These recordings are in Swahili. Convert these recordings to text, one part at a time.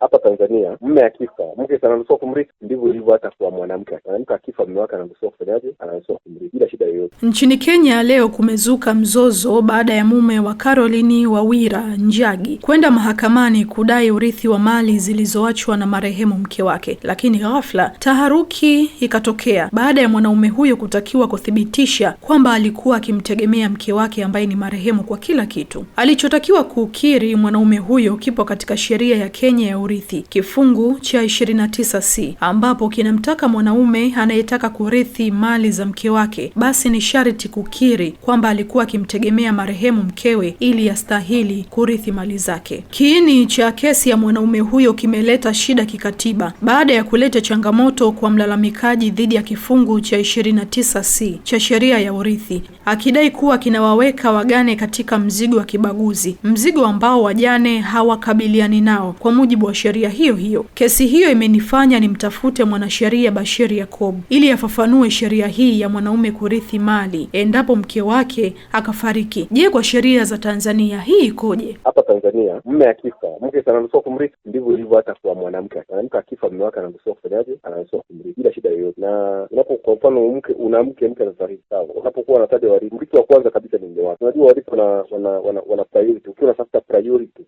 hapa Tanzania mme akifa, mke anaruhusiwa kumrithi. Ndivyo ilivyo hata kwa mwanamke. Mwanamke akifa, mme wake anaruhusiwa kufanyaje? Anaruhusiwa kumrithi bila shida yoyote. Nchini Kenya leo kumezuka mzozo baada ya mume wa Caroline Wawira Njagi kwenda mahakamani kudai urithi wa mali zilizoachwa na marehemu mke wake, lakini ghafla taharuki ikatokea baada ya mwanaume huyo kutakiwa kuthibitisha kwamba alikuwa akimtegemea mke wake ambaye ni marehemu kwa kila kitu. Alichotakiwa kukiri mwanaume huyo kipo katika sheria ya Kenya ya urithi kifungu cha 29C ambapo kinamtaka mwanaume anayetaka kurithi mali za mke wake basi ni sharti kukiri kwamba alikuwa akimtegemea marehemu mkewe ili astahili kurithi mali zake. Kiini cha kesi ya mwanaume huyo kimeleta shida kikatiba baada ya kuleta changamoto kwa mlalamikaji dhidi ya kifungu cha 29C cha sheria ya urithi, akidai kuwa kinawaweka wagane katika mzigo wa kibaguzi, mzigo ambao wajane hawakabiliani nao kwa mujibu wa sheria hiyo hiyo. Kesi hiyo imenifanya nimtafute mwanasheria Bashir Yakob ili afafanue sheria hii ya mwanaume kurithi mali mali endapo mke wake akafariki. Je, kwa sheria za Tanzania hii ikoje? Hapa Tanzania mme akifa, mke anaruhusiwa kumrithi, ndivyo ilivyo hata kwa mwanamke. Mwanamke akifa, mume wake anaruhusiwa kufanyaje? Anaruhusiwa kumrithi bila shida yoyote. Na unapo kwa mfano mke una mke mke anafariki, sawa, unapokuwa unataja warithi, mrithi wa kwanza kabisa ni mme wake. Unajua warithi wana wana wana, wana priority, ukiwa unatafuta priority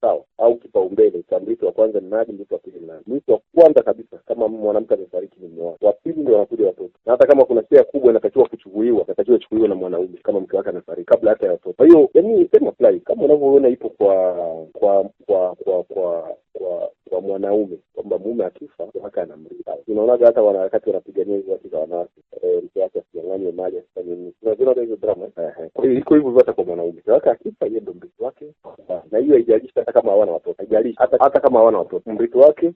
sawa au kipaumbele cha mrithi wa kwanza ni nani, mrithi wa pili ni nani. Mrithi wa kwanza kabisa kama mwanamke amefariki ni mume wake, wa pili ndio wanakuja watoto, na hata kama kuna shia lazima ichukuliwe na mwanaume kama mke wake amefariki kabla hata ya watoto. Kwa hiyo yani, same apply kama unavyoona ipo kwa kwa kwa kwa kwa kwa, kwa mwanaume kwamba mume akifa wake anamrithi. Unaonaga hata wanaharakati wanapigania hizo haki za wanawake mke wake asinyang'anywe mali asifanye nini. Unaziona hata hizo drama. Eh. Kwa hiyo iko hivyo hata kwa mwanaume, mke wake akifa, yeye ndo mrithi wake, na hiyo haijalishi hata kama hawana watoto, haijalishi hata kama hawana watoto, mrithi wake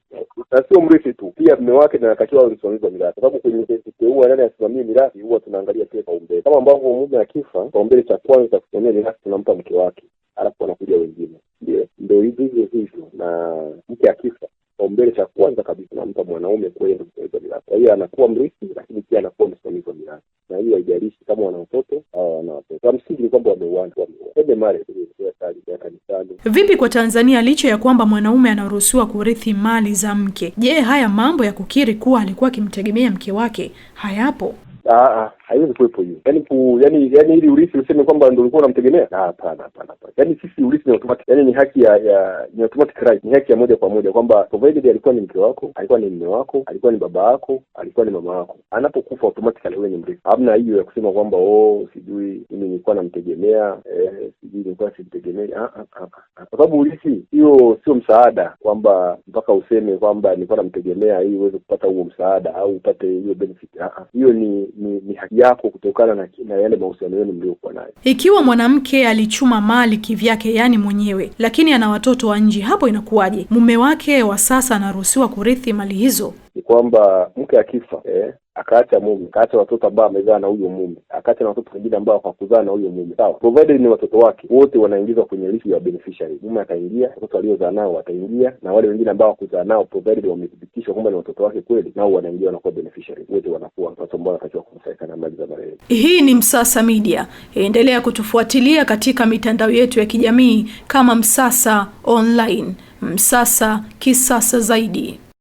na sio mrithi tu, pia mme wake ndiye anatakiwa awe msimamizi wa mirathi, kwa sababu kwenye kuteua nani asimamie mirathi huwa tunaangalia pia kaumbele, kama ambavyo mume akifa, kaumbele cha kwanza cha kusimamia mirathi tunampa mke wake, alafu wanakuja wengine. Ndio hivyo hivyo hivyo, na mke akifa, kaumbele cha kwanza kabisa nampa mwanaume kuwa yeye mirathi, kwa hiyo anakuwa mrithi, lakini pia anakuwa kuliko binafsi, na hiyo haijarishi kama wana watoto au wana watoto. amsingi ni kwamba wameuana, kanisani. Vipi kwa Tanzania, licha ya kwamba mwanaume anaruhusiwa kurithi mali za mke? Je, haya mambo ya kukiri kuwa alikuwa akimtegemea mke wake hayapo? Ah, ah haiwezi kuwepo hiyo. yani ku yani yani ili urithi useme kwamba ndio ulikuwa unamtegemea, ah hapana, hapana, hapana. yani sisi urithi ni automatic, yani ni haki ya, ya ni automatic right, ni haki ya moja kwa moja kwamba provided alikuwa ni mke wako, alikuwa ni mume wako, alikuwa ni baba yako, alikuwa ni mama yako, anapokufa automatically wewe ni mrithi. Hamna hiyo ya kusema kwamba oh, sijui mimi nilikuwa namtegemea eh, sijui nilikuwa ah, ah ah ah kwa sababu urithi hiyo sio msaada kwamba mpaka useme kwamba nilikuwa namtegemea ili uweze kupata huo msaada au upate hiyo benefit. ah ah Hiyo ni ni, ni haki yako kutokana na, na yale mahusiano yenu mliokuwa nayo. Ikiwa mwanamke alichuma mali kivyake, yaani mwenyewe, lakini ana watoto wa nje, hapo inakuwaje? Mume wake wa sasa anaruhusiwa kurithi mali hizo? Ni kwamba mke akifa eh, akaacha mume, akaacha watoto ambao amezaa na huyo mume, akaacha na watoto wengine ambao hawakuzaa na huyo mume, sawa. Provided ni watoto wake wote wanaingizwa kwenye list ya beneficiary. Mume ataingia, watoto waliozaa nao wataingia, na wale wengine ambao hawakuzaa nao, provided wamethibitishwa kwamba ni watoto wake kweli, nao wanaingia, wanakuwa beneficiary wote, wanakuwa watoto ambao wanatakiwa kunufaika na mali za marehemu. Hii ni Msasa Media, endelea kutufuatilia katika mitandao yetu ya kijamii kama Msasa Online. Msasa kisasa zaidi.